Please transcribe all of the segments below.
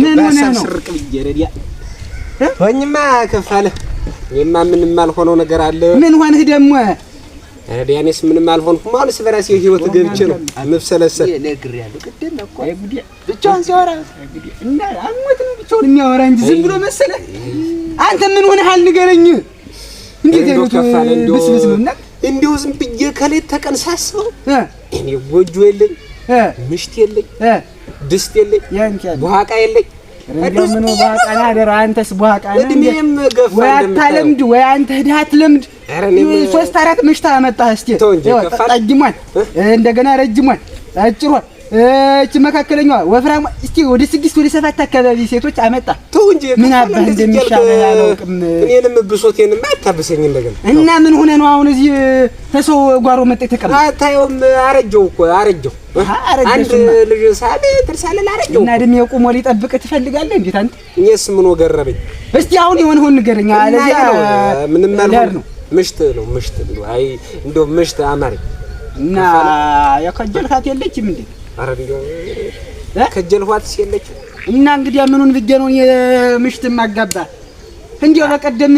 ምን ነገር አለ። ምን ሆንህ ደግሞ? ኧረ ያኔስ ምንም አልሆንኩም። አሁንስ በራሴ ህይወት ገብቼ ነው የምብሰለሰል። የሚያወራ እንጂ ዝም ብሎ መሰለህ? አንተ ምን ሆነሃል ንገረኝ። እንዲሁ ዝም ብዬ ከሌት ተቀን ሳስበው እኔ ጎጆ የለኝ ምሽት የለኝ ድስት የለኝ፣ ቡሃቃ የለኝ። ምን ቡሃቃ ነህ? አደረ አንተስ ቡሃቃ ነህ? እድሜም ገፋ ወይ አታለምድ ወይ አንተ ድሀ አትለምድ። ሶስት አራት መሽታ መጣህ። እስኪ ጠጅሟል፣ እንደገና ረጅሟል፣ አጭሯል እቺ መካከለኛዋ ወፍራም እስቲ ወደ ስድስት ወደ ሰባት አካባቢ ሴቶች አመጣ። ተው እንጂ ምን አባህ እንደሚሻለ አላውቅም። እኔንም ብሶቴንም አታብሰኝ እንደገና። እና ምን ሆነ ነው አሁን እዚህ ተሰው ጓሮ መጣ የተቀመጠ አታየውም? አረጀው እኮ አረጀው። አንድ ልጅ ሳቢ ትርሳለ አረጀው እና እድሜው ቁሞ ሊጠብቅ ትፈልጋለህ? እንዴት አንተ እኔስ ምን ወገረበኝ። እስቲ አሁን የሆነ ሆን ንገረኛ። አለዚያ ምንም አልሆነ። ምሽት ነው ምሽት። ነው። አይ እንደው ምሽት አማሪ እና ያከጀልካት የለችም እንዴ ኧረ እንደው ከጀልኋት እና እንግዲህ ምኑን ብዬ ነው ምሽት ማጋባ እንዲያው በቀደም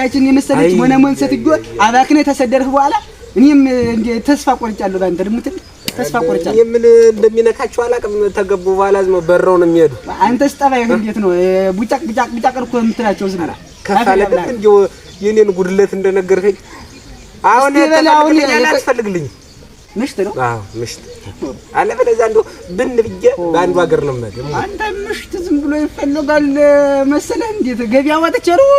ያችን የመሰለች ሆነ ሴትዮ አባክነ ተሰደርህ በኋላ እኔም ተስፋ ቆርጫለሁ። ባንተ ደግሞ ተስፋ ቆርጫለሁ። እኔ ምን እንደሚነካቸው አላውቅም። ተገቡ በኋላ ዝም በረው ነው የሚሄዱ። አንተስ እንዴት ነው? ቡጫቅ ቡጫቅ ቡጫቅ እኮ የምትላቸው ዝም ብላ እንዲያው ጉድለት እንደነገርከኝ አሁን ያታፈልግልኝ ምሽት ነው። አዎ ምሽት አለበለዚያ እንደው ብን ብዬ በአንዱ ሀገር ነው የምሄደው። አንተ ምሽት ዝም ብሎ ይፈልጋል መሰለህ? እንዴት ገቢያ ወጥቼ ነው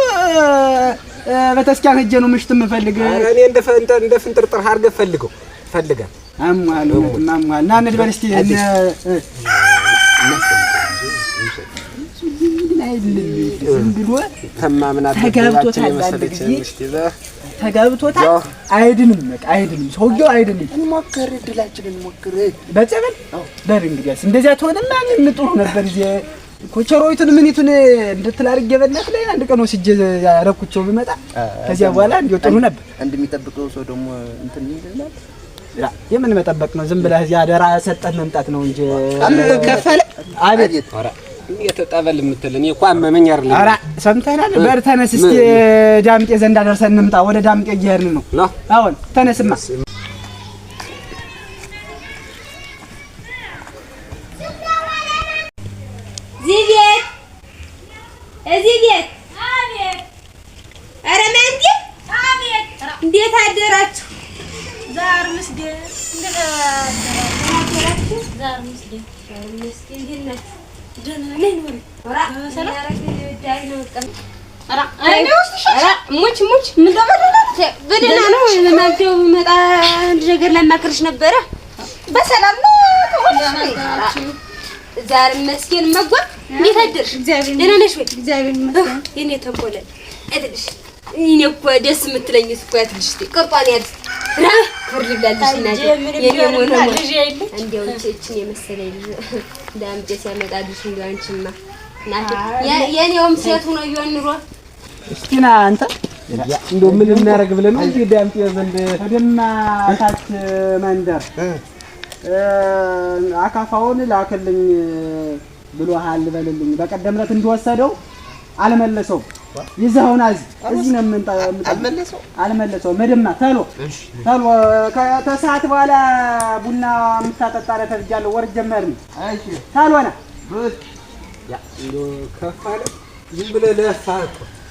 በተስኪያን ሂጅ ነው ምሽት የምፈልግ። እኔ እንደ እንደ ፍንጥርጥር አድርገህ ፈልገው ፈልጋል። አሟል እና አሟል ና እንሂድ በል ዝም ብሎ ተማምና ተጋብቶታል ባለ ጊዜ ተጋብቶታል። አይድንም፣ በቃ አይድንም፣ ሰውየው አይድንም። እንሞክር፣ እድላችን እንሞክር። በጸበል በል እንግዲያስ፣ እንደዚያ ትሆንማ ምን ጥሩ ነበር። እዚህ ኮቸሮዊቱን ምኒቱን እንድትል አድርጌ ላይ አንድ ቀን ወስጄ ያረኩቸው ብመጣ ከዚያ በኋላ እንዲሁ ጥሩ ነበር። እንደሚጠብቀው ሰው ደግሞ እንትን ይልናል። የምን መጠበቅ ነው? ዝም ብለህ እዚህ አደራ ሰጠህ መምጣት ነው እንጂ ከፈለ አቤት እንዴት ጠበል የምትል እኔ እኮ አመመኝ አይደለም። ኧረ ሰምተናል። በር ተነስ እስኪ ዳምጤ ዘንድ አደርሰን እንምጣ። ወደ ዳምጤ እየሄድን ነው። አሁን ተነስማ ሙች ሙች በደህና ነው። ለማንኛውም መጣ አንድ ነገር ላማክርሽ ነበረ። በሰላም ነው ዛሬ መስኪን መጓ እንዴት አደርሽ? ደህና ነሽ ወይ? እግዚአብሔር ይመስገን። የኔ ተንቦለ እድልሽ እኔ እኮ ደስ የምትለኝ እኮ ያትልሽ ቅርጧን ያዝ ራ ክብር ልብላልሽ እናቴ የኔ ሞነ እንዲያው እችን የመሰለኝ እንዳምጬ ሲያመጣልሽ እንዲያው አንቺማ እናቴ የኔውም ሴት ሆኖ ቢሆን ኑሮ እስኪና አንተ እንደው ምን እናደርግ ብለን ነው እንጂ ዳምጤ ዘንድ ደማ ታች መንደር አካፋውን ላክልኝ ብሎሃል በልልኝ። በቀደም ዕለት እንደወሰደው አልመለሰውም። ይዘኸውና እዚህ እዚህ ነው የምንጠ አልመለሰውም። ምድማ ተሎ ተሎ ከተሰዓት በኋላ ቡና የምታጠጣ ላይ ተዝጃለሁ። ወር ጀመር ነው ተሎ ና ከፋለ ዝም ብለህ ለፋ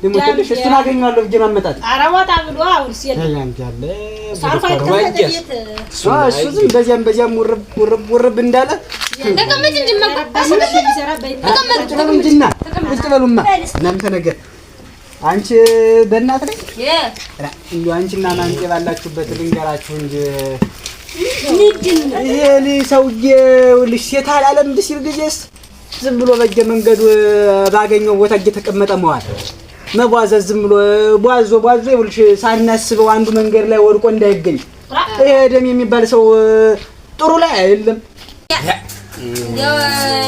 ደግሞ እሱን አገኘዋለሁ ብዬ ማመጣት በዚያም በዚያም ውርብ ውርብ እንዳለ ተቀመጭ ቁጭ በሉማ እናንተ ነገር አንቺ በእናት ላይ አንቺና ባላችሁበት ልንገራችሁ እንጂ ሰውዬ ሴት አላለም ሲል ጊዜስ ዝም ብሎ ባገኘው ቦታ እየተቀመጠ መዋል መቧዘዝ ዝም ብሎ ቧዞ ቧዞ ይኸውልሽ ሳናስበው አንዱ መንገድ ላይ ወድቆ እንዳይገኝ ይሄ ደም የሚባል ሰው ጥሩ ላይ አይደለም።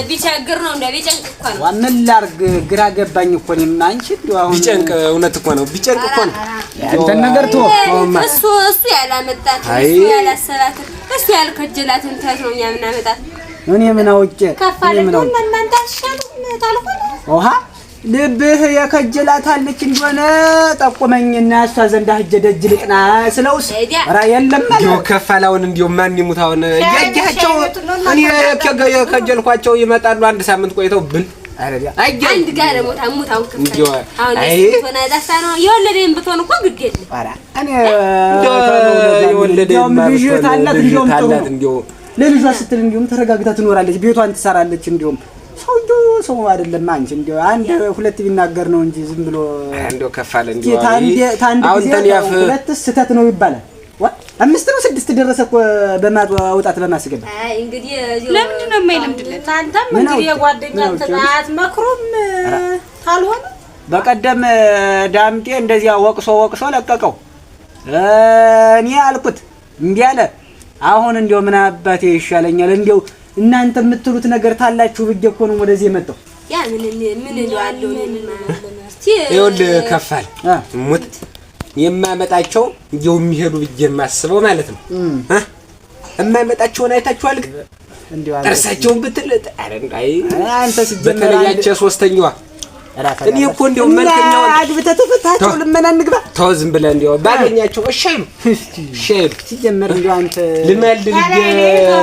ቢቸግር ነው እንደ ቢጨንቅ እኮ ነው። ምን ላድርግ ግራ ገባኝ እኮ እኔም። አንቺ እንደው አሁን ቢጨንቅ እውነት እኮ ነው ቢጨንቅ እኮ ነው። እንትን ነገር ተወው። እሱ እሱ ያላመጣት እሱ ያላሰራት እሱ ያልከጀላትን እንትን ነው የምናመጣት። እኔ ምን አውቄ ከፋለ እናንተ አሻሉ ታልሆነ ውሃ ልብህ የከጀላታለች እንደሆነ ጠቁመኝና እሷ ዘንድ ሂጅ ደጅ ልቅና ስለውስ ኧረ የለም ማለት ከፋላውን እንዲሁ ማን ይሙት አሁን እያያቸው እኔ የከጀልኳቸው ይመጣሉ አንድ ሳምንት ቆይተው ብን አንድ ጋር ለሞታ ሙታው ከፈለ ከፋ አሁን ሆነ ዳሳ ነው የወለደን ብትሆን እኮ ግድ የለም እኔ የወለደን ልጅ ታላት እንዲሁም ጥሩ ለልጇ ስትል እንዲሁም ተረጋግታ ትኖራለች ቤቷን ትሰራለች እንዲሁም ሰው አይደለም። አንቺ እንዲያው አንድ ሁለት ቢናገር ነው እንጂ ዝም ብሎ እንዲያው ከፍ አለ። እንዲያው ሁለት ስህተት ነው ይባላል። አምስት ነው ስድስት ደረሰ እኮ በማውጣት በማስገባ። አይ እንግዲህ ለምንድን ነው የማይለምድለት? አንተም እንግዲህ የጓደኛ መክሮም ካልሆነ በቀደም ዳምጤ እንደዚያ ወቅሶ ወቅሶ ለቀቀው። እኔ አልኩት እምቢ አለ። አሁን እንዲያው ምን አባቴ ይሻለኛል እንዲያው እናንተ የምትሉት ነገር ታላችሁ ብዬ እኮ ነው ወደዚህ የመጣው። ያ ምን ምን እለዋለሁ ይኸውልህ ከፋል ሙት የማመጣቸው ይኸው የሚሄዱ ብዬ የማስበው ማለት ነው። የማመጣቸውን አይታችኋል ግን ጥርሳቸውን ብትል አንተ በተለያቸ ሶስተኛዋ እኔ እኮ እንደው መልከኛው አድብተህ ተፈታቸው ልመና እንግባ። ተው ዝም ብለህ እንደው ባገኛቸው እሺ እሺ። ሲጀመር እንደው አንተ ልማል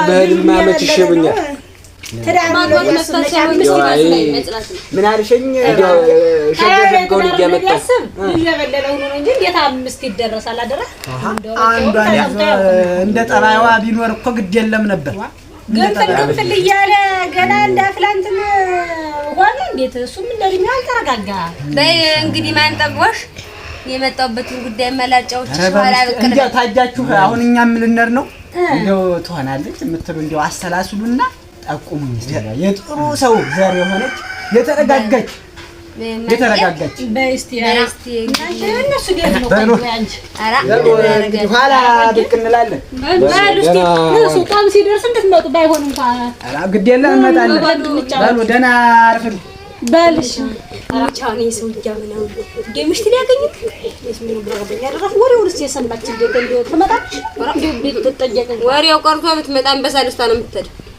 በህልም ማመት ይሸብኛል። ምን አልሽኝ? ሸሸገውን እያመጣሁ አንዷን እንደ ጠባይዋ ቢኖር እኮ ግድ የለም ነበር ግንፍል ግንፍል እያለ ገና እንደ አፍላንትን ሆነ። እንዴት እሱም እንደ እድሜው አልተረጋጋ። በይ እንግዲህ ማን ጠግቦሽ የመጣሁበትን ጉዳይ መላጫዎች ኋላ እንዲያው ታጃችሁ። አሁን እኛ የምልነር ነው እንዲያው ትሆናለች የምትሉ እንዲያው አሰላስሉና ጠቁሙኝ። የጥሩ ሰው ዘር የሆነች የተረጋጋች የተረጋጋች ኋላ ብቅ እንላለን። ጣም ሲደርስ እንድትመጡ ባይሆን እንኳን ግድ የለም እንመጣለን። ደህና አርፍን በልሽ ብቻውን የሰው ልጅ አምና እንደ ምሽት ሊያገኙት ወሬውን የሰማች እንደ ወሬው ቀርቶ ብትመጣ አንበሳ ደስታ ነው የምትሄደው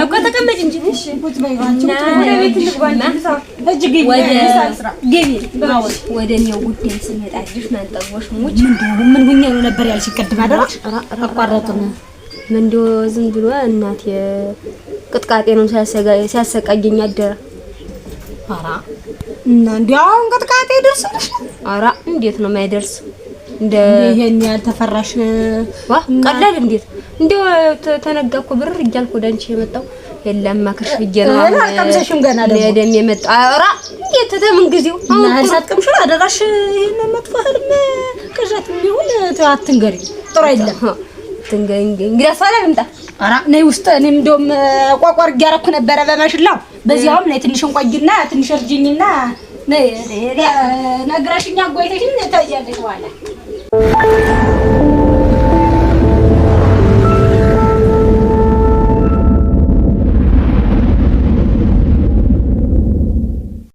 በቃ ተቀመጭ እንጂ እሺ። ወደ እኔው ጉዳይ ስመጣልሽ ማንጠቦሽ ሙች ምን ጉኛ ነው ነበር ያልሽ? ቅድም አደረግሽ አቋረጥን። እንደው ዝም ብሎ እናቴ ቅጥቃጤ ነው ሲያሰቃየኝ አደረ። ኧረ እና እንደው አሁን ቅጥቃጤ ይደርስልሽ? ኧረ እንዴት ነው የማይደርስ? እንደ ይሄን ያልተፈራሽ ቀላል እንዴት እንደው ተነጋ ብር እያልኩ ወደ አንቺ የመጣው የለም አክርሽ ብዬሽ ነው። አሁን አልቀምሰሽም ገና ደግሞ ለደም የመጣው አውራ እንዴት ተምን ጊዜው አሁን አልሳጥቀምሽ አደራሽ። ይሄን መጥፎ ህልም ቅዠት ቢሆን አትንገሪኝ፣ ጥሩ አይደለም። ትንገሪኝ እንግዲህ አሳላ ልምጣ። ኧረ ነይ ውስጥ እኔም እንደውም ቋቋር እያደረኩ ነበረ በማሽላው በዚያውም ነይ ትንሽ እንቆይና ትንሽ እርጅኝና ነይ ነግራሽኛ ጎይተሽን ታያለሽ በኋላ